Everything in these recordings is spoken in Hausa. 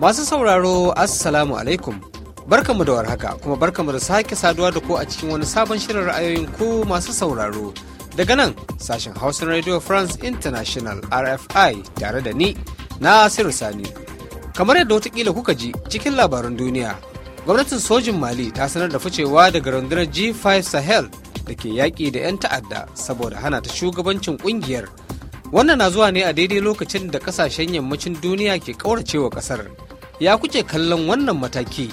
Masu sauraro Assalamu alaikum. Barkanmu da warhaka kuma barkanmu da sake saduwa da ku a cikin wani sabon shirin ra'ayoyin ku masu sauraro. Daga nan sashen Hausa Radio France International RFI tare da ni Nasiru Sani. Kamar yadda watakila kuka ji cikin labaran duniya, gwamnatin sojin Mali ta sanar da ficewa daga rundunar G5 Sahel da ke yaƙi da 'yan ta'adda saboda hana ta shugabancin ƙungiyar Wannan na zuwa ne a daidai lokacin da kasashen yammacin duniya ke kauracewa kasar. Ya kuke kallon wannan mataki?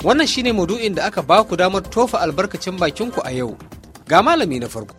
Wannan shine maudu'in da aka baku damar tofa albarkacin bakinku a yau. Ga malami na farko.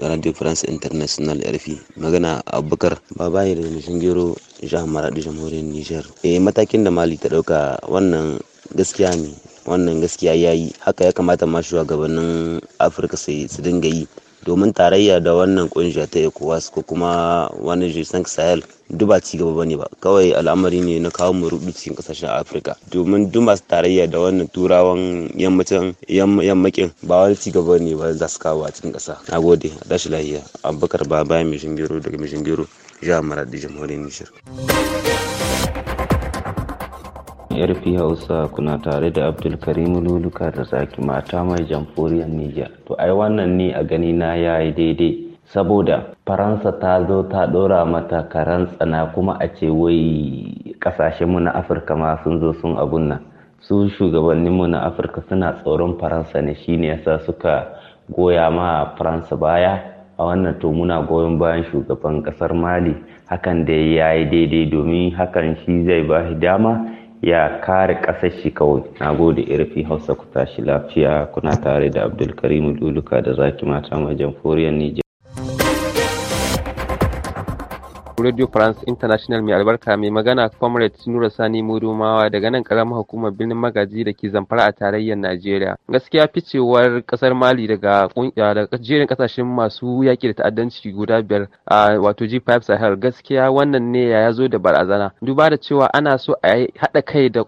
radio france international rf magana abubakar ne da mishin gero jihar maradi jamhuriyar niger eh matakin da mali ta dauka wannan gaskiya ne wannan gaskiya ya yi haka ya kamata ma shugabannin afirka su dinga yi domin tarayya da wannan kungiya ta ecowas ko kuma wani jisank sahel duba ci gaba bane ba kawai al'amari ne na kawo mu cikin kasashen afirka domin duk masu tarayya da wannan turawan yammacin yammakin ba wani ci gaba ne ba za su kawo a cikin kasa nagode a tashi lahiya abubakar bayan mai shingiro daga mai shingiro jihar maradi jamhuriyar nishir rp hausa kuna tare da abdulkarim luluka da zaki mata mai jamhuriyar niger to ai wannan ne a gani na ya yi daidai saboda faransa ta zo ta ɗora mata karan tsana kuma a ce wai mu na afirka ma sun zo sun abun nan su shugabanninmu na afirka suna tsoron faransa ne shine yasa suka goya ma faransa baya a wannan to muna goyon bayan shugaban kasar mali hakan da ya yi daidai domin hakan shi zai ba dama ya kare ƙasar shi kawai na gode irfi hausa ku tashi lafiya kuna tare da abdulkarim luluka da zaki mata mai jamhuriyar nijar Radio France International mai albarka mai magana Comrade Nura Sani Mudumawa daga nan karamar hukumar birnin Magaji da ke zamfara a tarayyar Najeriya. Gaskiya ficewar kasar Mali daga jerin kasashen masu yaƙi da ta'addanci guda biyar a wato G5 Sahel gaskiya wannan ne ya zo da barazana. Duba da cewa ana so a yi haɗa kai da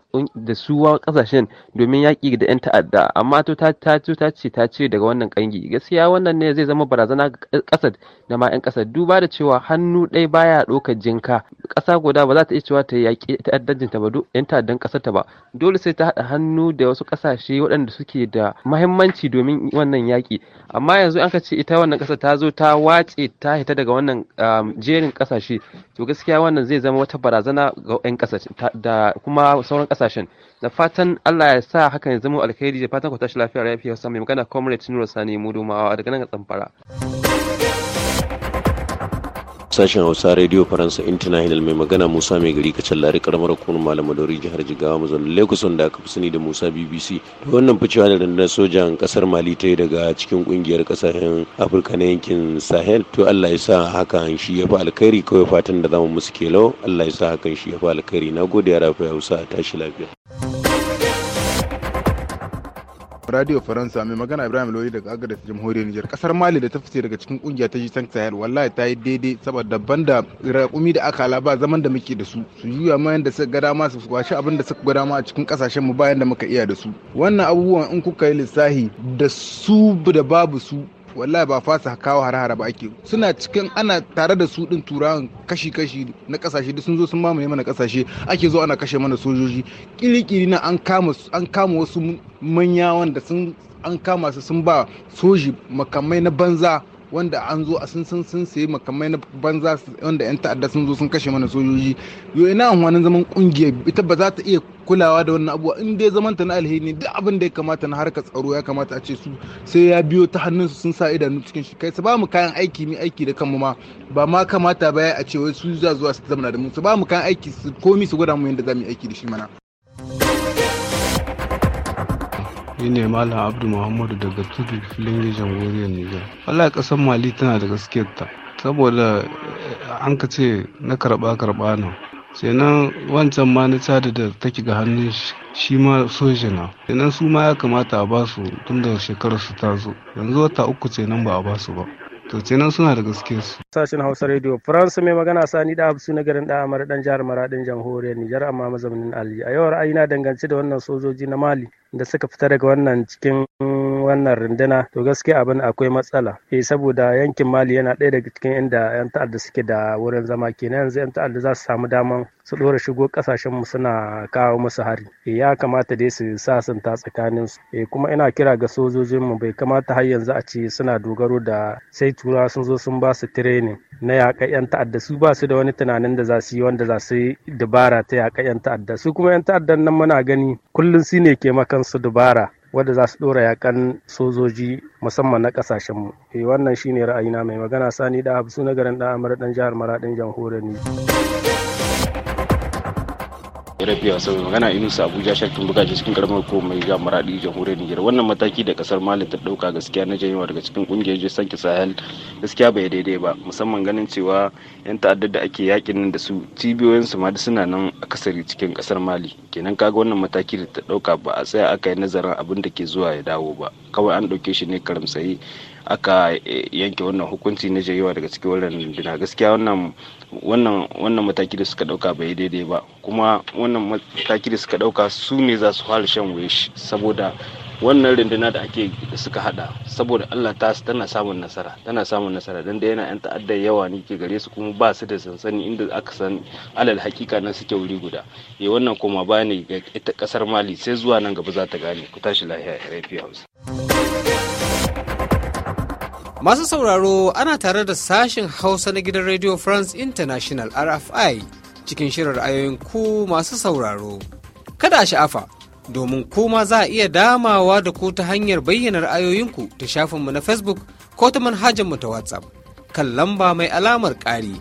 su kasashen domin yaƙi da 'yan ta'adda amma to ta ce ta ce daga wannan kangi gaskiya wannan ne zai zama barazana ga ƙasar da ma 'yan ƙasar duba da cewa hannu ɗaya baya ɗaukar jinka ƙasa guda ba za ta iya cewa ta yaƙi ta'addancin ta ba duk yan ta'addan ƙasar ta ba dole sai ta haɗa hannu da wasu ƙasashe waɗanda suke da mahimmanci domin wannan yaƙi amma yanzu an ka ce ita wannan ƙasar ta zo ta wace ta hita daga wannan um, jerin ƙasashe to gaskiya wannan zai zama wata barazana ga yan ƙasa da kuma sauran ƙasashen da fatan Allah ya sa hakan ya zama alkhairi da fatan ku tashi lafiya rafi Hausa mai magana comrade Nura Sani Mudumawa daga nan ga Tsamfara. sashen hausa radio faransa international mai magana musa mai gari kacal lari karamar kuma malam madori jihar jigawa mazaunin lagos da aka fi sani da musa bbc da wannan ficewa da rundunar sojan kasar mali ta daga cikin kungiyar kasashen afirka na yankin sahel to allah ya sa hakan shi ya fi alkhairi kawai fatan da zamu musu kelo allah ya sa hakan shi ya fi alkhairi na gode ya rafa hausa tashi lafiya radio faransa mai magana ibrahim lori daga agadar jamhuriyar niger kasar mali da ta fice daga cikin kungiya ta jitan sahel wallahi ta yi daidai saboda da raƙumi da aka akala ba zaman da muke da su su juya ma yanda suka gada ma su kwashi abin da suka gada ma a cikin kasashen mu bayan da muka iya da su wannan abubuwan in kuka yi lissahi da su da babu su wallahi ba fasa kawo hare-hare ba ake suna cikin ana tare da su din turawan kashi-kashi na kasashe duk sun zo sun mamaye mana kasashe ake zo ana kashe mana sojoji kirikiri na an kama an kama wasu manya wanda sun an kama su sun ba soji makamai na banza wanda an zo a sun sun sun makamai na banza wanda yan ta'adda sun zo sun kashe mana sojoji yo ina amfani zaman kungiya ita ba za ta iya kulawa da wannan abuwa in dai zaman ta na alheri duk abin da ya kamata na harkar tsaro ya kamata a ce su sai ya biyo ta hannun su sun sa idanu cikin shi kai su ba mu kayan aiki mai aiki da kanmu ma ba ma kamata ba a ce wai su za zuwa su zamana da mu su ba mu kayan aiki su komi su gwada mu yadda za mu yi aiki da shi mana ni ne malam abdu muhammadu daga tudu filin jamhuriyar nijar wallahi kasar mali tana da gaskiyar ta saboda eh, an ka ce na karba karba nan sannan wancan ma na cadi da take ga hannun shi ma soja na sannan su ma ya kamata a basu tun da shekarar su ta zo yanzu wata uku ce nan ba a basu ba to nan suna da gaske su sashen hausa radio france mai magana sani da abu na garin da'amar dan jihar maradin jamhuriyar nijar amma mazaunin ali a yau ra'ayi na dangance da wannan sojoji na mali da suka fita daga wannan cikin wannan runduna to gaskiya abin akwai matsala eh saboda yankin mali yana ɗaya daga cikin inda yan ta'adda suke da wurin zama kenan yanzu yan ta'adda za su samu daman su ɗora shigo ƙasashen mu suna kawo musu hari eh ya kamata dai su sa sasanta tsakanin su eh kuma ina kira ga sojojin mu bai kamata har yanzu a ce suna dogaro da sai tura sun zo sun ba su training na yaƙa yan ta'adda su ba su da wani tunanin da za su yi wanda za su yi dabara ta yaƙa yan ta'adda su kuma yan ta'addan nan muna gani kullum su ne ke makansu dubara wadda za su dora yakan sojoji musamman na kasashen mu eh, wannan shine ra'ayina mai magana sani da abu na garin da amur dan jihar maradin jamhuriyar ne Rabiya Sau magana Inusa Abuja Sharkin cikin karamar ko mai ga Maradi jamhuriyar Niger. Wannan mataki da kasar Mali ta dauka gaskiya na janyewa daga cikin kungiyar Jisan Sahel gaskiya bai daidai ba musamman ganin cewa yan ta'addar da ake yakin nan da su cibiyoyin su ma da suna nan akasari cikin kasar Mali. Kenan kaga wannan mataki da ta dauka ba a tsaya aka yi nazarin abin da ke zuwa ya dawo ba. kawai an ɗauke shi ne karamsayi aka eh, yanke wannan hukunci na jayewa daga cikin wannan dina gaskiya wannan wannan mataki da suka dauka bai daidai ba kuma wannan mataki da suka dauka su ne za su fara shan wuya saboda wannan rinduna da ake da suka hada saboda Allah ta tana samun nasara tana samun nasara dan da yana yan ta'addar yawa ne ke gare su kuma ba su da sansani inda aka san alal hakika na suke wuri guda eh wannan kuma ba ne ga ita kasar Mali sai zuwa nan gaba za ta gane ku tashi lafiya Rafi house. Masu sauraro ana tare da sashen Hausa na gidan Radio France International RFI cikin shirin ra'ayoyin ku masu sauraro. Kada a sha'afa domin kuma za a iya damawa da ku ta hanyar bayyana ra'ayoyinku ta shafinmu na facebook ko ta manhajarmu ta whatsapp kan lamba mai alamar ƙari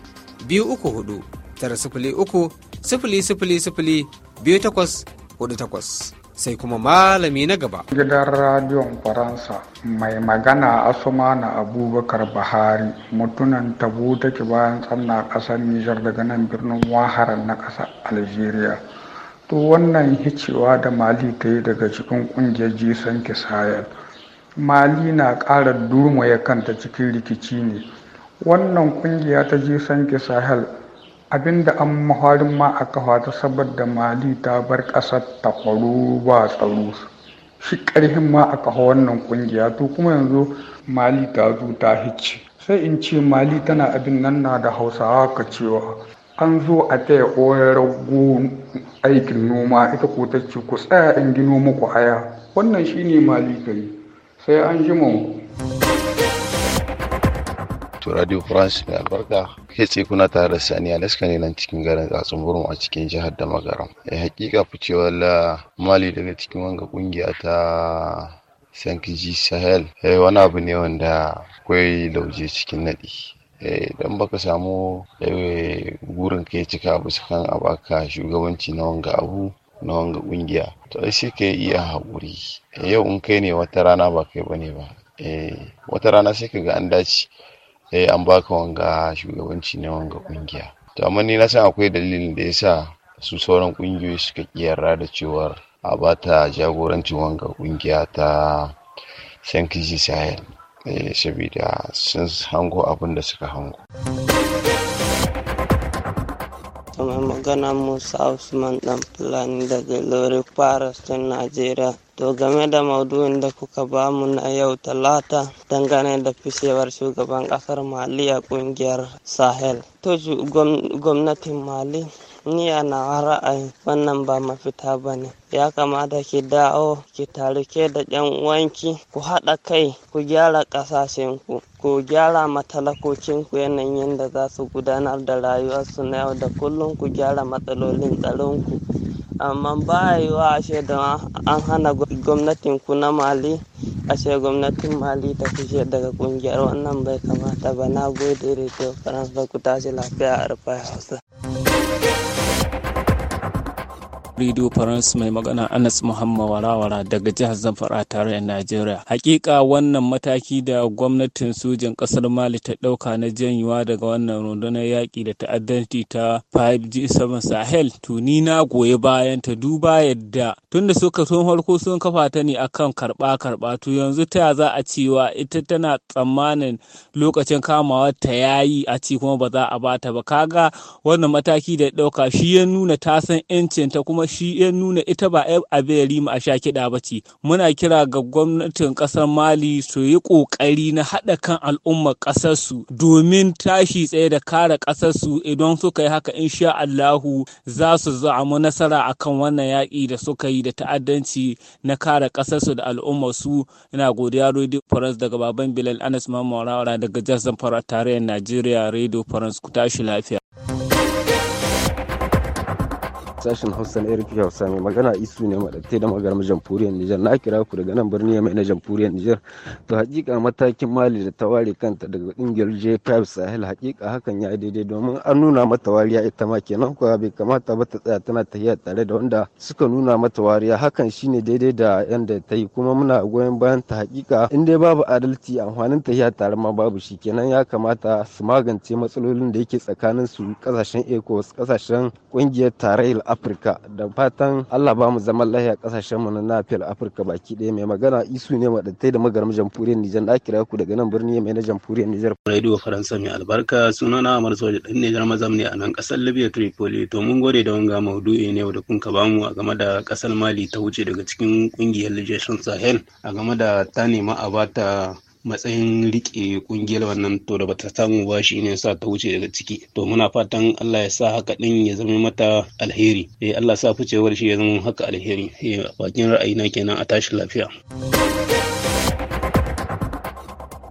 biyu uku hudu tara sifili uku sifili sifili sifili biyu takwas hudu takwas sai kuma malami na gaba. Gidan radiyon Faransa mai magana na Abubakar Buhari mutunan tabu take bayan tsanna ƙasar Nijar daga nan birnin Wahara na ƙasa Algeria. to wannan hicewa da mali ta yi daga cikin ƙungiyar jisan kisayar mali na ƙara durmaya kanta cikin rikici ne wannan ƙungiya ta jisan sahel abinda an maharin ma a kafa ta saboda mali ta bar ƙasar ta ba tsaro shi ƙarfin ma a kafa wannan ƙungiya to kuma yanzu mali ta zo ta hice sai in ce mali tana abin nan na da hausawa ka cewa an zo a taya ƙoyar aikin noma ita ko ta ce ku tsaya in gino muku haya? wannan shine mali gari sai an ji mu to radio france mai albarka kai ce kuna tare da sani alaska ne nan cikin garin tsatsun a cikin jihar da magaram ya eh, hakika ficewar mali daga cikin wanga kungiya ta sankiji sahel eh, wani abu ne wanda akwai lauje cikin nadi. Eh, idan baka samu eh, gurin ka ya cika bisa kan a baka shugabanci na wanga abu na wanga kungiya to sai ka iya haƙuri eh, yau in kai ne wata rana ba kai bane ba wata rana sai ka ga an dace an baka wanga shugabanci na wanga kungiya to amma ni na san akwai dalilin da yasa su sauran kungiyoyi suka kiyarra da cewar a bata jagorancin wanga kungiya ta sankishi sahel Eh, saboda sun hango abin da suka hango mai magana musa usman dan fulani daga lori paris tun najeriya to game da maudu'in da kuka ba mu na yau talata dangane da fisewar shugaban kasar mali a kungiyar sahel to gwamnatin mali ni a nawa ra'ayi wannan ba mafita ba ne ya kamata ki dawo ki taru da yan uwanki ku haɗa kai ku gyara ƙasashen ku Ku gyara ku yanayin da za su gudanar da rayuwarsu na yau da kullum ku gyara matsalolin tsaron ku. amma ba yiwa ashe da an hana gwamnatin ku na mali ashe gwamnatin mali ta fushe daga ƙungiyar wannan bai kamata ba na gode radio faransa ku tashi lafiya a rufe hausa Radio France mai magana Anas Muhammad Warawara daga jihar Zamfara tare da Najeriya. Hakika wannan mataki da gwamnatin sojan kasar Mali ta dauka na janyuwa daga wannan rundunar yaki da ta'addanci ta 5G7 Sahel tuni na goyi bayan ta duba yadda tunda suka tun farko sun kafa ta ne akan karba karba to yanzu ta za a cewa ita tana tsammanin lokacin kamawa ta yayi a ci kuma ba za a bata ba kaga wannan mataki da dauka shi ya nuna ta san 'yancin ta kuma shi ya nuna ita ba ya rima a sha kiɗa ba ce muna kira ga gwamnatin ƙasar mali su yi ƙoƙari na haɗa kan al'ummar ƙasarsu domin tashi tsaye da kare ƙasarsu idan suka yi haka insha allahu za su zamu nasara a kan wannan yaƙi da suka yi da ta'addanci na kare ƙasarsu da su ina godiya radio france daga baban bilal anas mamawara daga jazan zamfara tarayyar najeriya radio france ku tashi lafiya sashen hausa na irin hausa mai magana isu ne maɗabtai da magaram jamhuriyar nijar na kira ku daga nan birni mai na jamhuriyar nijar to hakika matakin mali da ta ware kanta daga ƙungiyar j5 sahel hakika hakan ya daidai domin an nuna mata wariya ita ma kenan kuwa bai kamata ba ta tsaya tana tahiya tare da wanda suka nuna mata wariya hakan shine daidai da yanda ta yi kuma muna goyon bayan ta hakika in dai babu adalci amfanin tahiya tare ma babu shi kenan ya kamata su magance matsalolin da yake tsakanin su kasashen ecos kasashen ƙungiyar tarayyar afirka da fatan allah ba mu zaman kasashen mu na nafiyar afirka baki ɗaya mai magana isu ne maɗattai da magaram jamhuriyar nijar da kira ku daga nan birni mai na jamhuriyar nijar. radio faransa mai albarka suna na amar soja ɗan nijar mazam ne a nan ƙasar libya tripoli to mun gode da wanga maudu'i ne da kun ka bamu a game da ƙasar mali ta wuce daga cikin ƙungiyar lijiyar sahel a game da ta nema a bata matsayin riƙe ƙungiyar wannan to da bata samu ba shi ne sa ta wuce daga ciki to muna fatan Allah ya sa haka din ya zama mata alheri eh Allah sa ficewar shi ya zama haka alheri eh bakin ra'ayi na kenan a tashi lafiya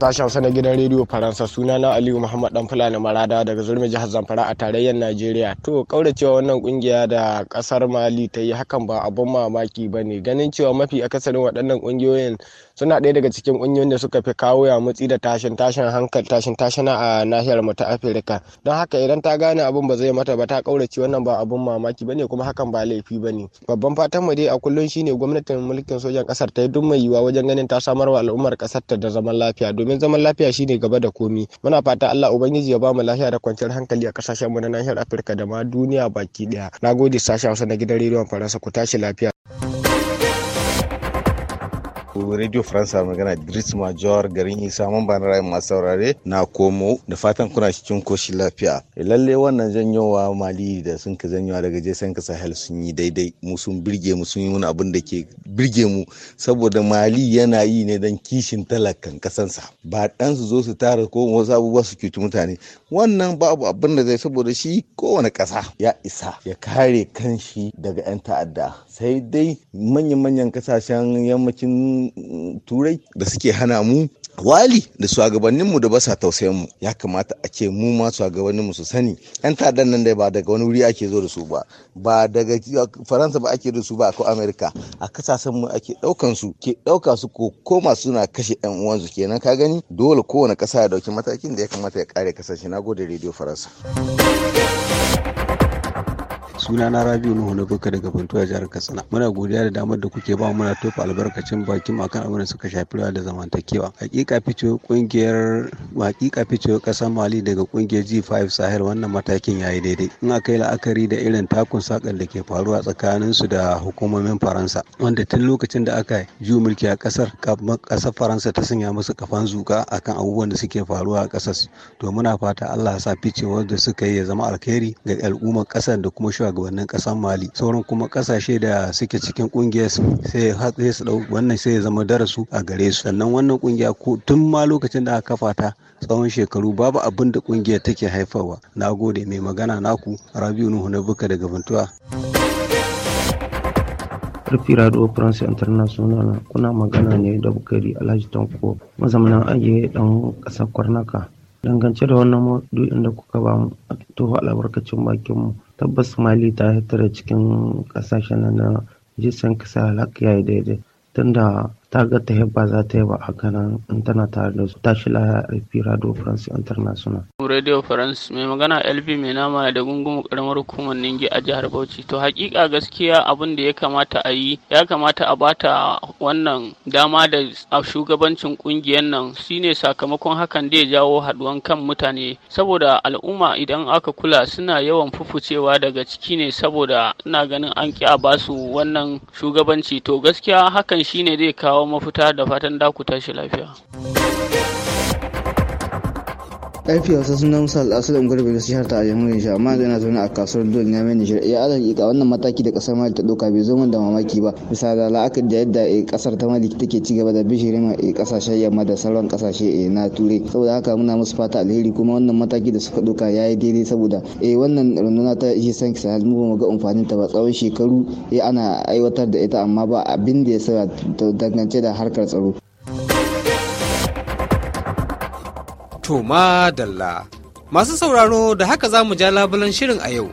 sashen Hausa na gidan rediyo Faransa suna na Aliyu Muhammad dan Fulani Marada daga Zurmi jihar Zamfara a tarayyar Najeriya. To kauracewa wannan kungiya da kasar Mali ta yi hakan ba abun mamaki ba ne ganin cewa mafi akasarin waɗannan kungiyoyin suna ɗaya daga cikin ƙungiyoyin da suka fi kawo ya yamutsi da tashin tashin hankali tashin tashin a nahiyar mu ta afirka don haka idan ta gane abin ba zai mata ba ta ƙaurace wannan ba abin mamaki bane kuma hakan ba laifi bane babban fatan mu dai a kullum shine gwamnatin mulkin sojan ƙasar ta yi duk mai yiwuwa wajen ganin ta samar wa al'ummar ƙasar ta da zaman lafiya domin zaman lafiya shine gaba da komi muna fata Allah ubangiji ya ba mu lafiya da kwanciyar hankali a ƙasashen mu na nahiyar afirka da ma duniya baki ɗaya nagode sashen hausa na gidan rediyon faransa ku tashi lafiya ku radio faransa magana idris major garin isa mun ban ra'ayin masu saurare na komo da fatan kuna cikin koshi lafiya eh, lalle wannan janyowa mali da sun ka janyowa daga jesan ka sahel sun yi daidai mu sun birge mu sun yi wani abin da ke birge mu saboda mali yana yi ne dan kishin talakan kasansa ba dan su zo su tara ko wasu abubuwa su kitu mutane wannan babu abin da zai saboda shi kowane ƙasa ya isa ya kare kanshi daga 'yan ta'adda sai dai manya-manyan kasashen yammacin turai da suke hana mu wali da shugabanninmu da ba sa tausayin mu ya kamata a ce mu ma shugabanninmu su sani yan ta'addan nan dai ba daga wani wuri ake zo da su ba ba daga faransa ba ake da su ba ko amerika a kasashen mu ake daukan su ke dauka su ko koma suna kashe yan uwansu kenan ka gani dole kowane kasa ya dauki matakin da ya kamata ya kare kasashe nagode radio faransa suna na rabiu nuhu na baka daga a jihar katsina muna godiya da damar da kuke ba muna tofa albarkacin bakin akan abin da suka shafi rawa da zamantakewa hakika fice kungiyar hakika fice kasar mali daga kungiyar g5 sahel wannan matakin yayi daidai in aka yi la'akari da irin takun sakar da ke faruwa tsakanin su da hukumomin faransa wanda tun lokacin da aka yi mulki a kasar kasar faransa ta sanya musu kafan zuka akan abubuwan da suke faruwa a kasar to muna fata allah ya sa ficewar da suka yi ya zama alkhairi ga al'ummar kasar da kuma shugaban shugabannin kasar mali sauran kuma kasashe da suke cikin kungiyar sai hatsi su dau wannan sai ya zama darasu a gare su sannan wannan kungiya ko tun ma lokacin da aka kafa ta tsawon shekaru babu abin da kungiyar take haifarwa na gode mai magana naku rabiu nuhu na buka daga bantuwa. karfi radio france international kuna magana ne da bukari alhaji tanko mazamanin ajiye dan kasar kwarnaka dangance da wannan maudu'in da kuka ba mu a toho albarkacin bakin mu tabbas mali ta hita da cikin kasashen na jisan kasa ya yayi daidai tunda ta ga ta ba za ta yi ba a kanan in tana tare da su tashi lahiya radio france international. radio france mai magana lb mai nama da gungumu karamar hukumar ningi a jihar bauchi to hakika gaskiya abin da ya kamata a yi ya kamata a bata wannan dama da a shugabancin kungiyar nan shine sakamakon hakan da ya jawo haduwan kan mutane saboda al'umma idan aka kula suna yawan fufucewa daga ciki ne saboda ina ganin an ki a basu wannan shugabanci to gaskiya hakan shine zai kawo kawo mafuta da fatan da ku tashi lafiya. karfe wasu sun namsa sa gurbin da jihar ta a jamhuriyar nijar amma yanzu yana zaune a kasuwar dole na mai nishar ya eh, ala hakika wannan mataki da kasar mali ta ɗauka bai zo da mamaki ba bisa da la'akar da yadda kasar eh, ta mali take ci gaba da bishirin a eh, ƙasashen yamma da sauran kasashe na turai saboda haka muna musu fata alheri kuma wannan mataki da suka ɗauka ya yi daidai saboda wannan runduna ta ishe san kisa mu ba mu ga amfanin ta ba tsawon shekaru ana aiwatar da ita amma ba abin da ya sa dangance da harkar tsaro To madalla. Masu sauraro da haka za mu ja labulan shirin a yau.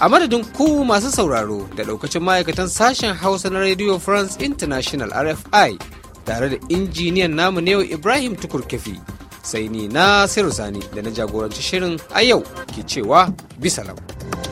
A madadin ku masu sauraro da ɗaukacin ma'aikatan sashen Hausa na Radio France International RFI tare da injiniyan namu ne Ibrahim Tukurkefi. Sai ni na Sani da na jagoranci shirin a yau ke cewa bisalam.